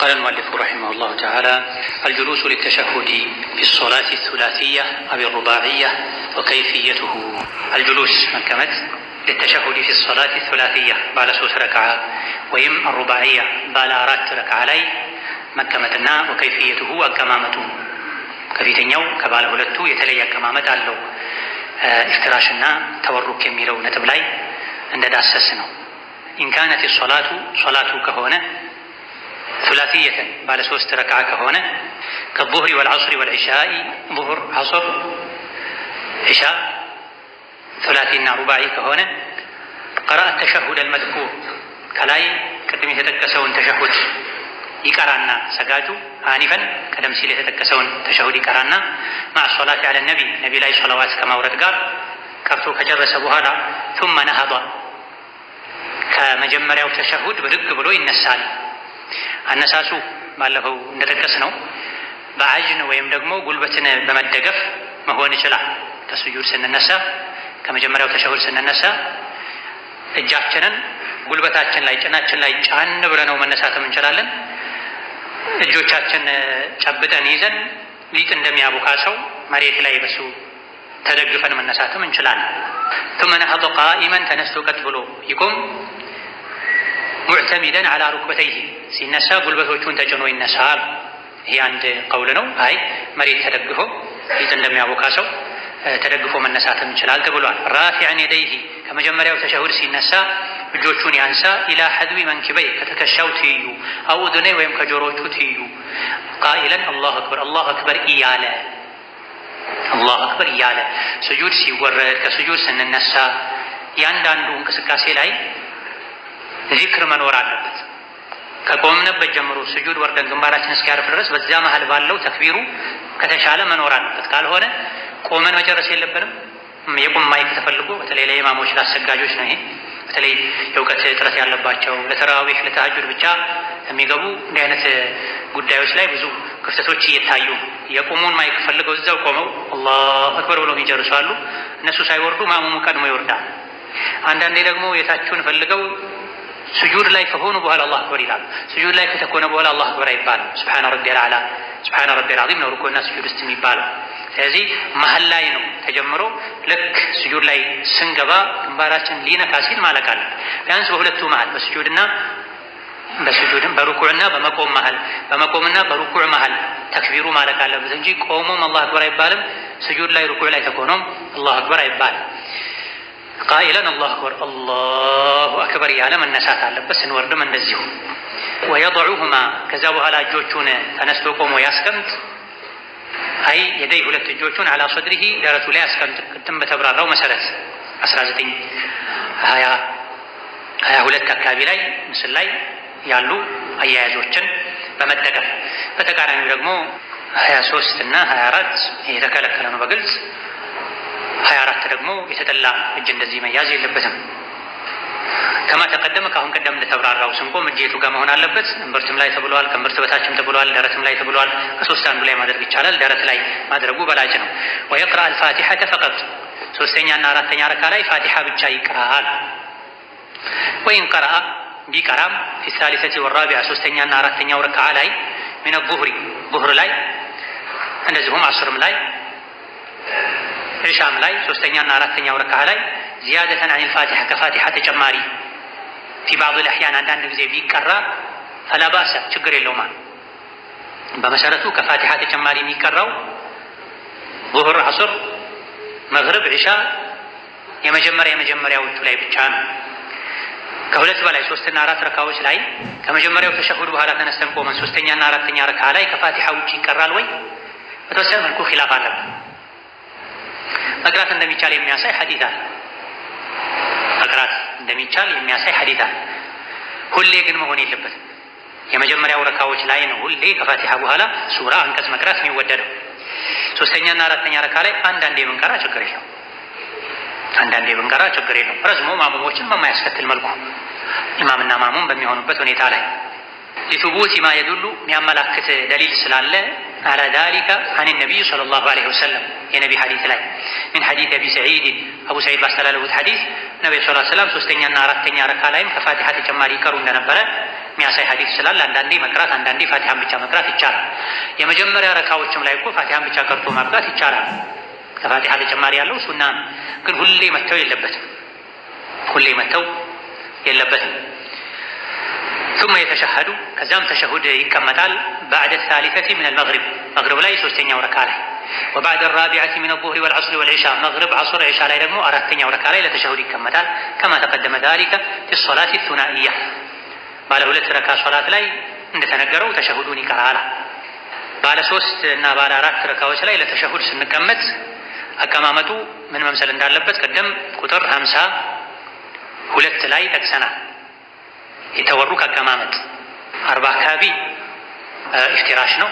ቃለ ልሙአሊፉ ረሒማሁ ላሁ ተዓላ አልጁሉሱ ሊተሸሁዲ ፊሶላት ሱላሲያ አብ ሩባዕያ ወከይፍየትሁ አልጁሉስ መቀመጥ ሊተሸሁዲ ፊሶላት ሱላሲያ ባለ ሶስት ረክዓ ወይም አሩባዕያ ባለ አራት ረክዓ ላይ መቀመጥና ወከይፍየትሁ አቀማመጡ ከፊተኛው ከባለ ሁለቱ የተለየ አቀማመጥ አለው። ኢፍትራሽና ተወሩክ የሚለው ነጥብ ላይ እንደዳሰስ ነው። ኢንካነት ሶላቱ ሶላቱ ከሆነ ሱላፊየተን ባለ ሶስት ረክዓ ከሆነ ከቡህሪ ወልዐስሪ ወልዒሻኢ ቡሁር፣ ዐስር፣ ዒሻ ሱላቲና ሩባዒ ከሆነ ቀረአ ተሸሁድ አልመዝኩር ከላይ ቅድም የተጠቀሰውን ተሸሁድ ይቀራና ሰጋጁ አኒፈን ቀደም ሲል የተጠቀሰውን ተሸሁድ ይቀራና ማዕ ሶላት ያለ ነቢ ነቢ ላይ ሶላዋት ከማውረድ ጋር ቀርቶ ከጨረሰ በኋላ ቱመ ነሀዷ ከመጀመሪያው ተሸሁድ ብድግ ብሎ ይነሳል። አነሳሱ ባለፈው እንደጠቀስ ነው በአጅን ወይም ደግሞ ጉልበትን በመደገፍ መሆን ይችላል። ከስጁድ ስንነሳ ከመጀመሪያው ተሸሁድ ስንነሳ እጃችንን ጉልበታችን ላይ ጭናችን ላይ ጫን ብለነው መነሳትም እንችላለን። እጆቻችን ጨብጠን ይዘን ሊጥ እንደሚያቦካ ሰው መሬት ላይ በሱ ተደግፈን መነሳትም እንችላለን። ثم نهض قائما ተነስቶ ቀጥ ብሎ ይቆም ሙዕተሚደን አላ ሩክበተይህ ሲነሳ ጉልበቶቹን ተጭኖ ይነሳል። ይህ አንድ ቀውል ነው። አይ መሬት ተደግፎ ፊት እንደሚያቦካ ሰው ተደግፎ መነሳትም ይችላል ተብሏል። ራፊዐን የደይሂ ከመጀመሪያው ተሸሁድ ሲነሳ እጆቹን ያንሳ። ኢላ ሐድቢ መንኪበይ ከተከሻው ትይዩ፣ አው ኡድነይ ወይም ከጆሮቹ ትይዩ። ቃኢለን አላሁ አክበር አላሁ አክበር እያለ አላሁ አክበር እያለ ስጁድ ሲወረድ ከስጁድ ስንነሳ ያንዳንዱ እንቅስቃሴ ላይ ዚክር መኖር አለበት። ከቆምንበት ጀምሮ ስጁድ ወርደን ግንባራችን እስኪያርፍ ድረስ በዛ መሀል ባለው ተክቢሩ ከተሻለ መኖር አለበት። ካልሆነ ቆመን መጨረስ የለብንም። የቁም ማይክ ተፈልጎ በተለይ ለኢማሞች ለአሰጋጆች ነው ይሄ። በተለይ የእውቀት እጥረት ያለባቸው ለተራዊህ ለተሀጁድ ብቻ የሚገቡ እንዲህ አይነት ጉዳዮች ላይ ብዙ ክፍተቶች እየታዩ የቁሙን ማይክ ፈልገው እዛው ቆመው አላሁ አክበር ብለው ይጨርሳሉ። እነሱ ሳይወርዱ ማሙሙ ቀድሞ ይወርዳል። አንዳንዴ ደግሞ የታችሁን ፈልገው ስጁድ ላይ ከሆኑ በኋላ አላሁ አክበር ይላሉ። ስጁድ ላይ ከተኮነ በኋላ አላሁ አክበር አይባልም። ስብሓነ ረቢየል አዕላ ስብሓነ ረቢየል ዐዚም ነው ርኩዕና ስጁድ ውስጥ የሚባለው። ስለዚህ መሀል ላይ ነው ተጀምሮ ልክ ስጁድ ላይ ስንገባ ግንባራችን ሊነካ ሲል ማለቅ አለብን። ቢያንስ በሁለቱ መሀል በስጁድና በስጁድም በሩኩዕና በመቆም መሀል በመቆምና በሩኩዕ መሀል ተክቢሩ ማለቅ አለበት እንጂ ቆሞም አላሁ አክበር አይባልም። ስጁድ ላይ ሩኩዕ ላይ ተኮኖም አላሁ አክበር አይባልም። ቃኢለን አላሁ አክበር አላሁ አክበር እያለ መነሳት አለበት። ስንወርድም እንደዚሁ ወየضዑሁማ ከዚያ በኋላ እጆቹን ተነስቶ ቆሞ ያስቀምጥ። አይ የደይ ሁለት እጆቹን አላ ሰድሪሂ ደረቱ ላይ ያስቀምጥ። ቅድም በተብራራው መሰረት 19 20 22 አካባቢ ላይ ምስል ላይ ያሉ አያያዞችን በመጠቀም በተቃራኒው ደግሞ 23 እና 24 የተከለከለ ነው በግልጽ ሀያ አራት ደግሞ የተጠላ እጅ እንደዚህ መያዝ የለበትም። ከማ ተቀደመ ከአሁን ቀደም እንደተብራራው ስንቆም እጅ የቱ ጋር መሆን አለበት? እምብርትም ላይ ተብሏል፣ ከእምብርት በታችም ተብሏል፣ ደረትም ላይ ተብሏል። ከሶስት አንዱ ላይ ማድረግ ይቻላል። ደረት ላይ ማድረጉ በላጭ ነው። ወየቅራ አልፋቲሐ ተፈቀጥ ሶስተኛና አራተኛ ረካ ላይ ፋቲሐ ብቻ ይቅራል። ወይን ቀረአ ቢቀራም ፊሳሊሰቲ ወራቢያ ሶስተኛና አራተኛው ረካ ላይ ሚነ ቡህሪ ቡህር ላይ እንደዚሁም አስርም ላይ ሒሻም ላይ ሶስተኛና አራተኛው ረካዓ ላይ ዚያደተን አኒል ፋቲሐ ከፋቲሐ ተጨማሪ ፊ ባዕድ አሕያን አንዳንድ ጊዜ ቢቀራ ፈላባሰ ችግር የለውም። በመሰረቱ ከፋቲሐ ተጨማሪ የሚቀራው ዙሁር፣ አሱር፣ መግሪብ፣ ዒሻ የመጀመሪያ የመጀመሪያዎቹ ላይ ብቻ ነው። ከሁለት በላይ ሶስትና አራት ረካዎች ላይ ከመጀመሪያው ተሸሁድ በኋላ ተነስተን ቆመን ሶስተኛና አራተኛ ረካ ላይ ከፋቲሐ ውጭ ይቀራል ወይ? በተወሰነ መልኩ ኺላፍ አለበት። መቅራት እንደሚቻል የሚያሳይ ሐዲት አለ። መቅራት እንደሚቻል የሚያሳይ ሐዲት አለ። ሁሌ ግን መሆን የለበትም። የመጀመሪያው ረካዎች ላይ ነው ሁሌ ከፋቲሃ በኋላ ሱራ አንቀጽ መቅራት የሚወደደው። ሶስተኛና አራተኛ ረካ ላይ አንዳንዴ ብንቀራ ችግር የለው፣ አንዳንዴ ብንቀራ ችግር የለው። ረዝሞ ማሙሞችን በማያስከትል መልኩ ኢማምና ማሙም በሚሆኑበት ሁኔታ ላይ ሊቱቡት ማ የዱሉ የሚያመላክት ደሊል ስላለ አላ ዛሊከ አን ነቢይ ሰለላሁ ዐለይሂ ወሰለም የነቢ ሐዲስ ላይ ምን ሐዲስ አቢ ሰዒድ አቡ ሰዒድ ባስተላለፉት ሐዲስ ነቢዩ ሰለላሁ ዐለይሂ ሶስተኛና አራተኛ ረካ ላይም ከፋቲሓ ተጨማሪ ይቀሩ እንደነበረ የሚያሳይ ሐዲስ ስላለ አንዳንዴ መቅራት አንዳንዴ ፋቲሓን ብቻ መቅራት ይቻላል። የመጀመሪያ ረካዎችም ላይ እኮ ፋቲሓን ብቻ ቀርቶ ማብቃት ይቻላል። ከፋቲሓ ተጨማሪ ያለው ሱና ግን ሁሌ መተው የለበትም። ሁሌ መተው የለበትም። ሱመ የተሸሀዱ ከዛም ተሸሁድ ይቀመጣል። ባዕደ ሳሊሰቲ ምን አልመግሪብ መግሪብ ላይ ሶስተኛው ረካ ላይ ወባዕደ ራቢዐቲ ምን አልዙህሪ ወልዐስሪ ወልዒሻ መግሪብ፣ ዐሱር፣ ዒሻ ላይ ደግሞ አራተኛው ረካ ላይ ለተሸሁድ ይቀመጣል። ከማ ተቀደመ ዛሊከ ፊ ሶላቲ ቱናኢያ ባለ ሁለት ረካ ሶላት ላይ እንደተነገረው ተሸሁዱን ይቀራል። ባለ ሶስት እና ባለ አራት ረካዎች ላይ ለተሸሁድ ስንቀመጥ አቀማመጡ ምን መምሰል እንዳለበት ቀደም ቁጥር ሀምሳ ሁለት ላይ ጠቅሰናል። የተወሩክ አቀማመጥ አርባ አካባቢ ኢፍቲራሽ ነው።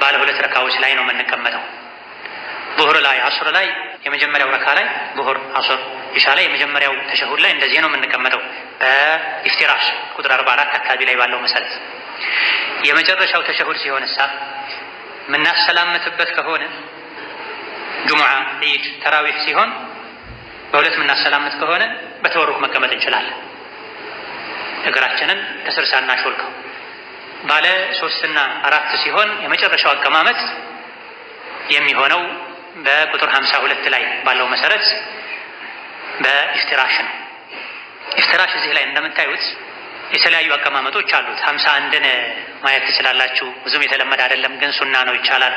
ባለ ሁለት ረካዎች ላይ ነው የምንቀመጠው። ዙህር ላይ አሱር ላይ የመጀመሪያው ረካ ላይ ብሁር አሱር ይሻ ላይ የመጀመሪያው ተሸሁድ ላይ እንደዚህ ነው የምንቀመጠው በኢፍቲራሽ ቁጥር አርባ አራት አካባቢ ላይ ባለው መሰረት የመጨረሻው ተሸሁድ ሲሆን እሳ የምናሰላምትበት ከሆነ ጁሙዓ፣ ዒድ፣ ተራዊሕ ሲሆን በሁለት የምናሰላምት ከሆነ በተወሩክ መቀመጥ እንችላለን። እግራችንን ከስር እናሾልከው። ባለ ሶስትና አራት ሲሆን የመጨረሻው አቀማመጥ የሚሆነው በቁጥር ሀምሳ ሁለት ላይ ባለው መሰረት በኢፍትራሽ ነው። ኢፍትራሽ እዚህ ላይ እንደምታዩት የተለያዩ አቀማመጦች አሉት። ሀምሳ አንድን ማየት ትችላላችሁ። ብዙም የተለመደ አይደለም፣ ግን ሱና ነው፣ ይቻላል።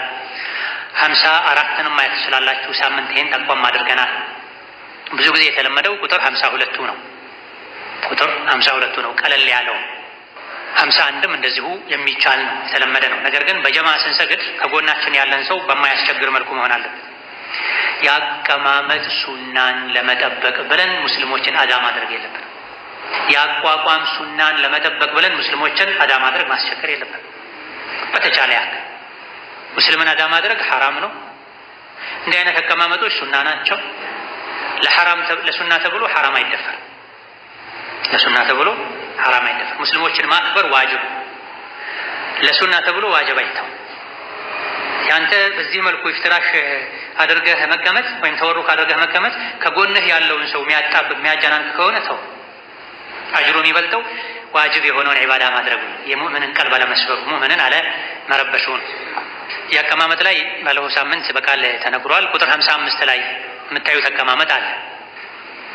ሀምሳ አራትንም ማየት ትችላላችሁ። ሳምንት ይህን ጠቋም አድርገናል። ብዙ ጊዜ የተለመደው ቁጥር ሀምሳ ሁለቱ ነው። ቁጥር ሀምሳ ሁለቱ ነው ቀለል ያለው። ሀምሳ አንድም እንደዚሁ የሚቻል ነው የተለመደ ነው። ነገር ግን በጀማ ስንሰግድ ከጎናችን ያለን ሰው በማያስቸግር መልኩ መሆን አለበት። የአቀማመጥ ሱናን ለመጠበቅ ብለን ሙስሊሞችን አዳ ማድረግ የለብን። የአቋቋም ሱናን ለመጠበቅ ብለን ሙስሊሞችን አዳ ማድረግ ማስቸገር የለብን። በተቻለ ያክል ሙስሊምን አዳ ማድረግ ሐራም ነው። እንዲህ አይነት አቀማመጦች ሱና ናቸው። ለሱና ተብሎ ሐራም አይደፈርም። ለሱና ተብሎ ሐራም አይደለም። ሙስሊሞችን ማክበር ዋጅብ፣ ለሱና ተብሎ ዋጅብ አይተው ያንተ በዚህ መልኩ ይፍትራሽ አድርገህ መቀመጥ ወይም ተወሩክ አድርገህ መቀመጥ ከጎንህ ያለውን ሰው የሚያጣብቅ የሚያጨናንቅ ከሆነ ተው። አጅሩ የሚበልጠው ዋጅብ የሆነውን ዒባዳ ማድረጉ የሙእምንን ቀልብ አለመስበሩ ሙእምንን አለ መረበሹን። የአቀማመጥ ላይ ባለፈው ሳምንት በቃል ተነግሯል። ቁጥር ሀምሳ አምስት ላይ የምታዩት አቀማመጥ አለ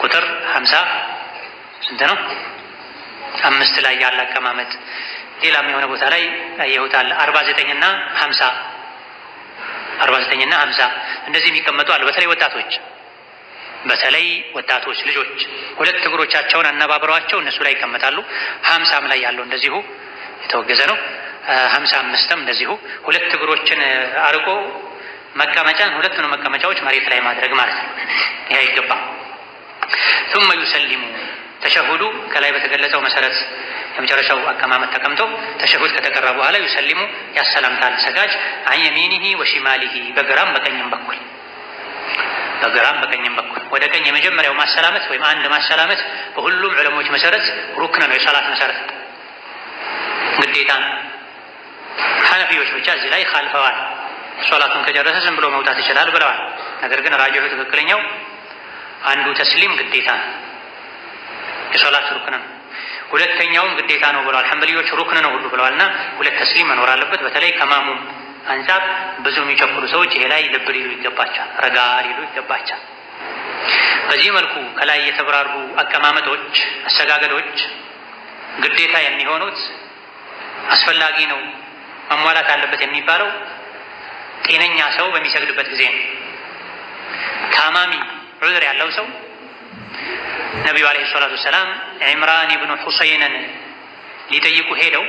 ቁጥር ሀምሳ ስንት ነው? አምስት ላይ ያለ አቀማመጥ ሌላም የሆነ ቦታ ላይ ያየሁታል። አርባ ዘጠኝና ሀምሳ አርባ ዘጠኝና ሀምሳ እንደዚህ የሚቀመጡ አለ። በተለይ ወጣቶች በተለይ ወጣቶች ልጆች ሁለት እግሮቻቸውን አነባብረዋቸው እነሱ ላይ ይቀመጣሉ። ሀምሳም ላይ ያለው እንደዚሁ የተወገዘ ነው። ሀምሳ አምስትም እንደዚሁ ሁለት እግሮችን አርቆ መቀመጫን ሁለቱን መቀመጫዎች መሬት ላይ ማድረግ ማለት ነው። ይህ አይገባ ثم يسلموا ተሸሁዱ ከላይ በተገለጸው መሰረት የመጨረሻው አቀማመጥ ተቀምጦ ተሸሁድ ከተቀራ በኋላ ዩሰሊሙ ያሰላምታል ሰጋጅ የሚኒሂ ወሺማሊሂ በግራም በቀኝም በኩል በግራም በቀኝም በኩል ወደ ቀኝ የመጀመሪያው ማሰላመት ወይም አንድ ማሰላመት በሁሉም ዕለሞች መሰረት ሩክነ ነው፣ የሰላት መሰረት ግዴታ ነው። ሐነፊዎች ብቻ እዚህ ላይ ካልፈዋል። ሶላቱን ከጨረሰ ዝም ብሎ መውጣት ይችላል ብለዋል። ነገር ግን ራጅሑ ትክክለኛው አንዱ ተስሊም ግዴታ ነው። የሶላት ሩክን ነው። ሁለተኛውም ግዴታ ነው ብለዋል። ሐንበልዮች ሩክን ነው ሁሉ ብለዋል እና ሁለት ተስሊም መኖር አለበት። በተለይ ከማሙም አንጻር ብዙ የሚቸኩሉ ሰዎች ይሄ ላይ ልብ ሊሉ ይገባቸዋል፣ ረጋ ሊሉ ይገባቸዋል። በዚህ መልኩ ከላይ የተብራሩ አቀማመጦች፣ አሰጋገዶች ግዴታ የሚሆኑት አስፈላጊ ነው መሟላት አለበት የሚባለው ጤነኛ ሰው በሚሰግድበት ጊዜ ነው። ታማሚ ዑዝር ያለው ሰው ነቢዩ ዓለይሂ ሰላቱ ወሰላም ዕምራን ኢብኑ ሑሰይንን ሊጠይቁ ሄደው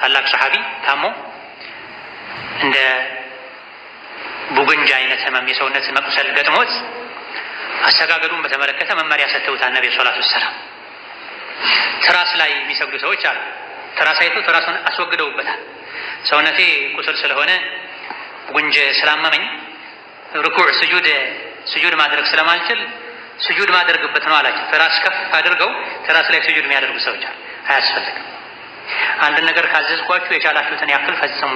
ታላቅ ሰሓቢ ታሞ እንደ ቡግንጅ አይነት ህመም የሰውነት መቁሰል ገጥሞት አሰጋገዱን በተመለከተ መመሪያ ሰጥተውታል። ነቢ ሰላት ወሰላም ትራስ ላይ የሚሰግዱ ሰዎች አሉ። ትራስ አይቶ ትራሱን አስወግደውበታል። ሰውነቴ ቁስል ስለሆነ ቡግንጅ ስላመመኝ ርኩዕ ስጁድ ስጁድ ማድረግ ስለማልችል ስጁድ ማደርግበት ነው አላቸው። ትራስ ከፍ አድርገው ትራስ ላይ ስጁድ የሚያደርጉ ሰዎች አሉ። አያስፈልግም። አንድ ነገር ካዘዝኳችሁ የቻላችሁትን ያክል ፈጽሙ፣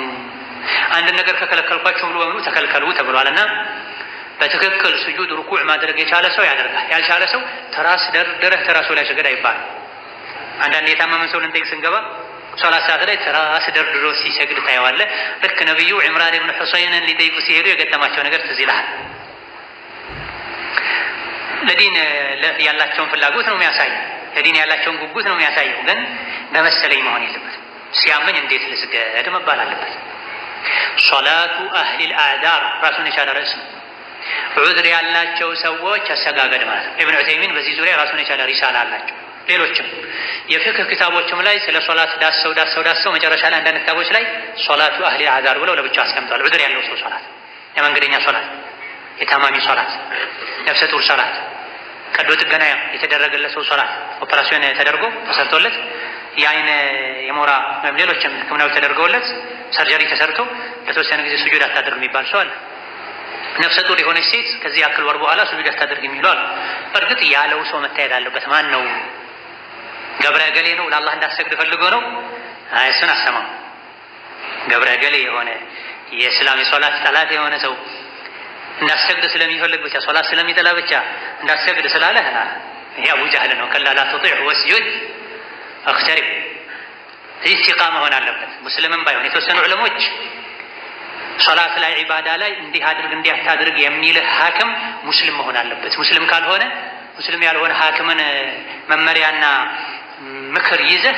አንድ ነገር ከከለከልኳችሁ ሙሉ በሙሉ ተከልከሉ ተብሏልና በትክክል ስጁድ ርኩዕ ማድረግ የቻለ ሰው ያደርጋል። ያልቻለ ሰው ትራስ ደርድረህ ትራሱ ላይ ስገድ አይባልም። አንዳንድ የታመመን ሰው ልንጠይቅ ስንገባ ሶላት ሰዓት ላይ ትራስ ደርድሮ ሲሰግድ ታየዋለህ። ልክ ነቢዩ ዕምራን ብን ሑሰይንን ሊጠይቁ ሲሄዱ የገጠማቸው ነገር ትዝ ይልሃል። ለዲን ያላቸውን ፍላጎት ነው የሚያሳየው። ለዲን ያላቸውን ጉጉት ነው የሚያሳየው። ግን በመሰለኝ መሆን የለበትም። ሲያመኝ እንዴት ልስገድ መባል አለበት። ሶላቱ አህሊል አዕዳር ራሱን የቻለ ርዕስ ነው። ዑድር ያላቸው ሰዎች አሰጋገድ ማለት ነው። ኢብን ዑተይሚን በዚህ ዙሪያ ራሱን የቻለ ሪሳላ አላቸው። ሌሎችም የፍክህ ክታቦችም ላይ ስለ ሶላት ዳሰው ዳሰው ዳሰው መጨረሻ ላይ አንዳንድ ክታቦች ላይ ሶላቱ አህሊል አዛር ብለው ለብቻው አስቀምጠዋል። ዑድር ያለው ሰው ሶላት፣ የመንገደኛ ሶላት፣ የታማሚ ሶላት፣ ነፍሰ ጡር ሶላት ቀዶ ጥገና የተደረገለት ሰው ሶላት ኦፐራሲዮን ተደርጎ ተሰርቶለት የአይን የሞራ ወይም ሌሎችም ሕክምናዎች ተደርገውለት ሰርጀሪ ተሰርቶ ለተወሰነ ጊዜ ስጁድ አታደርግ የሚባል ሰው አለ። ነፍሰ ጡር የሆነች ሴት ከዚህ ያክል ወር በኋላ ስጁድ አታደርግ የሚሉ አሉ። በእርግጥ ያለው ሰው መታየት አለበት። ማን ነው? ገብረ ገሌ ነው ለአላህ እንዳሰግድ ፈልጎ ነው? እሱን አሰማው። ገብረ ገሌ የሆነ የእስላም የሶላት ጠላት የሆነ ሰው እንዳሰግድ ስለሚፈልግ ብቻ ሶላት ስለሚጠላ ብቻ እንዳሰግድ ስላለህ ይሄ አቡ ጃህል ነው። ከላ ላ ወስጁድ አክተሪብ። ይህ መሆን አለበት ሙስልምም ባይሆን የተወሰኑ ዕለሞች ሶላት ላይ ዒባዳ ላይ እንዲህ አድርግ እንዲህ አታድርግ የሚልህ ሀክም ሙስልም መሆን አለበት። ሙስልም ካልሆነ ሙስልም ያልሆነ ሀክምን መመሪያና ምክር ይዘህ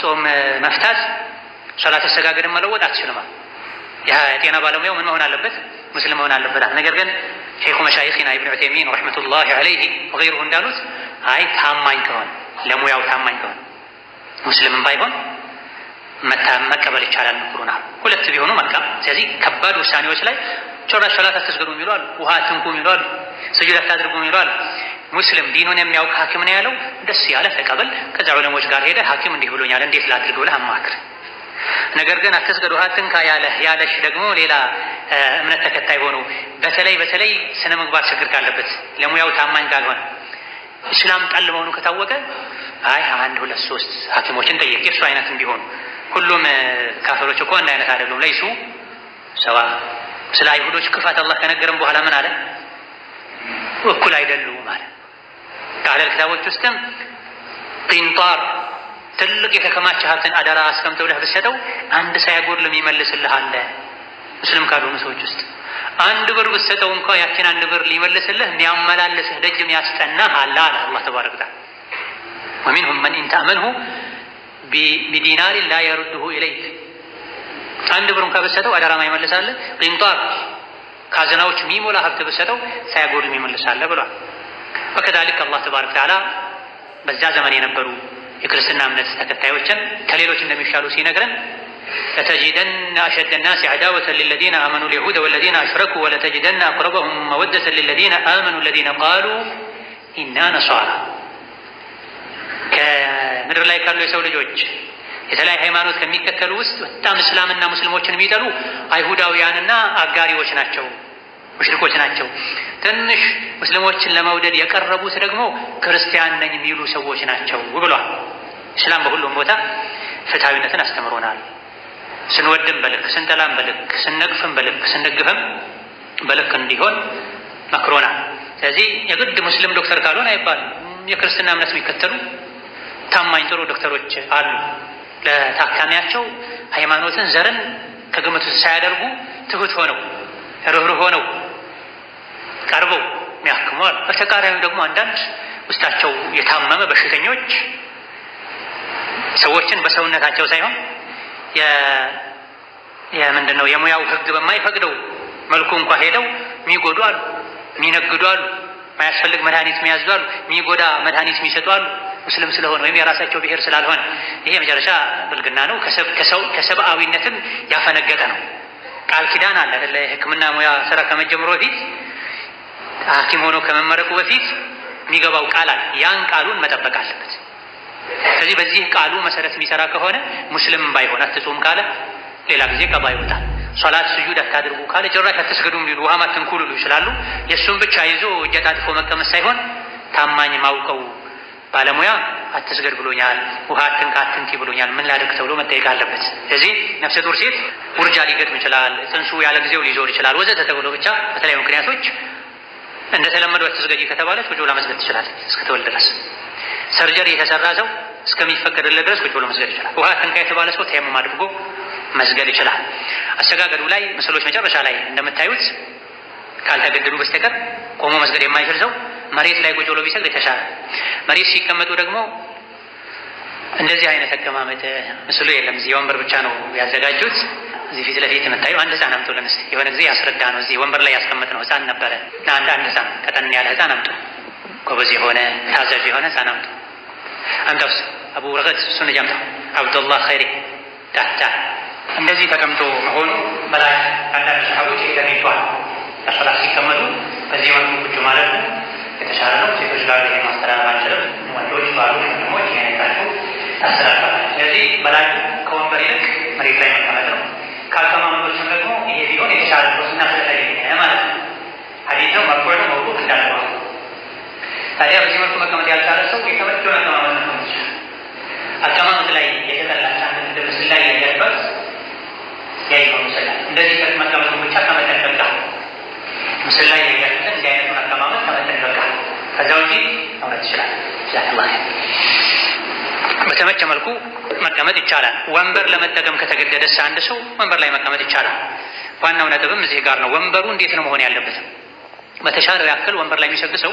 ጾም መፍታት ሶላት አሰጋገድን መለወጥ አትችልም። የጤና ባለሙያው ምን መሆን አለበት? ሙስሊም መሆን አለበታል። ነገር ግን ሼኹ መሻይኽና ኢብን ዑቴሚን ረሕመቱላሂ ዐለይሂ ወገይሩሁ እንዳሉት አይ ታማኝ ከሆነ ለሙያው ታማኝ ከሆነ ሙስሊምም ባይሆን መቀበል ይቻላል ምክሩናል። ሁለት ቢሆኑ መልካም። ስለዚህ ከባድ ውሳኔዎች ላይ ጭራሽ ሶላት አትስገዱ የሚሉ ውሃ አትንኩ የሚሉ ስጁድ አታድርጉ የሚሉ ሙስሊም ዲኑን የሚያውቅ ሐኪም ነው ያለው። ደስ ያለ ተቀበል። ከዛ ዑለሞች ጋር ሄደ ሐኪም እንዲህ ብሎኛል እንዴት ላድርግ ብለህ አማክር። ነገር ግን አትስገዱ አትንካ ያለህ ያለሽ ደግሞ ሌላ እምነት ተከታይ ሆኑ። በተለይ በተለይ ስነ ምግባር ችግር ካለበት ለሙያው ታማኝ ካልሆነ እስላም ጣል መሆኑ ከታወቀ አይ አንድ ሁለት ሶስት ሐኪሞችን ጠየቅ የእሱ አይነት እንዲሆኑ ሁሉም ካፈሮች እኮ አንድ አይነት አይደሉም። ለይሱ ሰዋ ስለ አይሁዶች ክፋት አላህ ከነገረም በኋላ ምን አለ? እኩል አይደሉም አለ። ከአህለል ኪታቦች ውስጥም ጢንጣር ትልቅ የተከማቸ ሀብትን አደራ አስቀምጠውልህ ብትሰጠው አንድ ሳያጎድል የሚመልስልህ አለ። ሙስሊም ካልሆኑ ሰዎች ውስጥ አንድ ብር ብትሰጠው እንኳ ያችን አንድ ብር ሊመልስልህ የሚያመላልስህ ደጅም ያስጠናህ አለ አለ አላህ ተባረከ ተዓላ። ወሚንሁም መን ኢንተአመንሁ ቢዲናሪን ላ የሩድሁ ኢለይክ አንድ ብር እንኳ ብትሰጠው አደራ ማይመልሳለ። ቂንጣር ካዝናዎች የሚሞላ ሀብት ብትሰጠው ሳያጎድል የሚመልሳለ ብሏል። ወከዛሊክ አላህ ተባረከ ተዓላ በዛ ዘመን የነበሩ የክርስትና እምነት ተከታዮችን ከሌሎች እንደሚሻሉ ሲነግረን ለተጅደና አሸደ ናስ አዕዳወተን ሊለዚነ አመኑ ልየሁደ ወለዚነ አሽረኩ ወለተጅደና አቅረበሁም መወደተን ሊለዚነ አመኑ ለዚነ ቃሉ ኢና ነሷራ ከምድር ላይ ካሉ የሰው ልጆች የተለያየ ሃይማኖት ከሚከተሉ ውስጥ በጣም እስላምና ሙስሊሞችን የሚጠሉ አይሁዳውያንና አጋሪዎች ናቸው፣ ሙሽሪኮች ናቸው። ትንሽ ሙስሊሞችን ለመውደድ የቀረቡት ደግሞ ክርስቲያን ነኝ የሚሉ ሰዎች ናቸው ብሏል። ስላም በሁሉም ቦታ ፍትሐዊነትን አስተምሮናል። ስንወድም በልክ ስንጠላም በልክ ስንነቅፍም በልክ ስንደግፍም በልክ እንዲሆን መክሮናል። ስለዚህ የግድ ሙስሊም ዶክተር ካልሆን አይባልም። የክርስትና እምነት የሚከተሉ ታማኝ ጥሩ ዶክተሮች አሉ። ለታካሚያቸው ሃይማኖትን፣ ዘርን ከግምት ውስጥ ሳያደርጉ ትሁት ሆነው ርኅሩህ ሆነው ቀርበው የሚያክሙ አሉ። በተቃራኒው ደግሞ አንዳንድ ውስጣቸው የታመመ በሽተኞች ሰዎችን በሰውነታቸው ሳይሆን የምንድን ነው የሙያው ህግ በማይፈቅደው መልኩ እንኳ ሄደው የሚጎዱ አሉ፣ የሚነግዱ አሉ፣ ማያስፈልግ መድኃኒት የሚያዝዱ አሉ፣ የሚጎዳ መድኃኒት የሚሰጡ አሉ። ሙስልም ስለሆነ ወይም የራሳቸው ብሔር ስላልሆነ ይሄ መጨረሻ ብልግና ነው፣ ከሰብአዊነትም ያፈነገጠ ነው። ቃል ኪዳን አለ አይደለ? የሕክምና ሙያ ስራ ከመጀመሩ በፊት ሐኪም ሆኖ ከመመረቁ በፊት የሚገባው ቃል አለ። ያን ቃሉን መጠበቅ አለበት። ስለዚህ በዚህ ቃሉ መሰረት የሚሰራ ከሆነ ሙስልም ባይሆን አትጹም ካለ ሌላ ጊዜ ቀባ ይወጣል። ሶላት ስጁድ አታድርጉ ካለ ጭራሽ አትስገዱም ሊሉ ውሃ ማትንኩ ሊሉ ይችላሉ። የእሱም ብቻ ይዞ እጀጣጥፎ መቀመጥ ሳይሆን ታማኝ ማውቀው ባለሙያ አትስገድ ብሎኛል፣ ውሃ አትንካ አትንኪ ብሎኛል፣ ምን ላድርግ ተብሎ መጠየቅ አለበት። ስለዚህ ነፍሰ ጡር ሴት ውርጃ ሊገጥም ይችላል፣ ጽንሱ ያለ ጊዜው ሊዞር ይችላል፣ ወዘተ ተብሎ ብቻ በተለያዩ ምክንያቶች እንደተለመደው አትስገጂ ከተባለች ወደ ላ መስገድ ትችላለች እስክትወልድ ድረስ። ሰርጀሪ የተሰራ ሰው እስከሚፈቀድለት ድረስ ቁጭ ብሎ መስገድ ይችላል። ውሃ ትንካ የተባለ ሰው ተየሙም አድርጎ መስገድ ይችላል። አሰጋገዱ ላይ ምስሎች መጨረሻ ላይ እንደምታዩት ካልተገደዱ በስተቀር ቆሞ መስገድ የማይችል ሰው መሬት ላይ ቁጭ ብሎ ቢሰግድ የተሻለ። መሬት ሲቀመጡ ደግሞ እንደዚህ አይነት አቀማመጥ ምስሉ የለም። እዚህ የወንበር ብቻ ነው ያዘጋጁት። እዚህ ፊት ለፊት የምታዩ አንድ ህፃን አምጡ። ለምስ የሆነ ጊዜ ያስረዳ ነው እዚህ ወንበር ላይ ያስቀምጥ ነው ህፃን ነበረ። አንድ አንድ ህፃን ቀጠን ያለ ህፃን አምጡ፣ ጎበዝ የሆነ ታዛዥ የሆነ ህፃን አምጡ። አንተውስ አቡ ረገድ እሱን ጀምታ አብዱላህ ኸይሪ ዳዳ እንደዚህ ተቀምጦ መሆኑ መላ አንዳንድ ሰሓቦች ተገኝቷል። ለሶላት ሲቀመጡ በዚህ መልኩ ቁጭ ማለት ነው የተሻለ ነው። ሴቶች ጋር ይሄ ማስተላለፍ አንችልም። ወንዶች ባሉ ወንድሞች ይነታቸው ያስተላልፋል። ስለዚህ መላክ ከወንበር ይልቅ መሬት ላይ መቀመጥ ነው። ከአቀማመጦችም ደግሞ ይሄ ቢሆን የተሻለ ነው። ስናስለጠ ማለት ነው ሀዲት ነው መርቆ ነው እንዳለ መቀመጥ ይችላል። በተመቸ መልኩ መቀመጥ ይቻላል። ወንበር ለመጠቀም ከተገደደስ አንድ ሰው ወንበር ላይ መቀመጥ ይቻላል። ዋናው ነጥብም እዚህ ጋር ነው። ወንበሩ እንዴት ነው መሆን ያለበት? በተሻለ ያክል ወንበር ላይ የሚሰግድ ሰው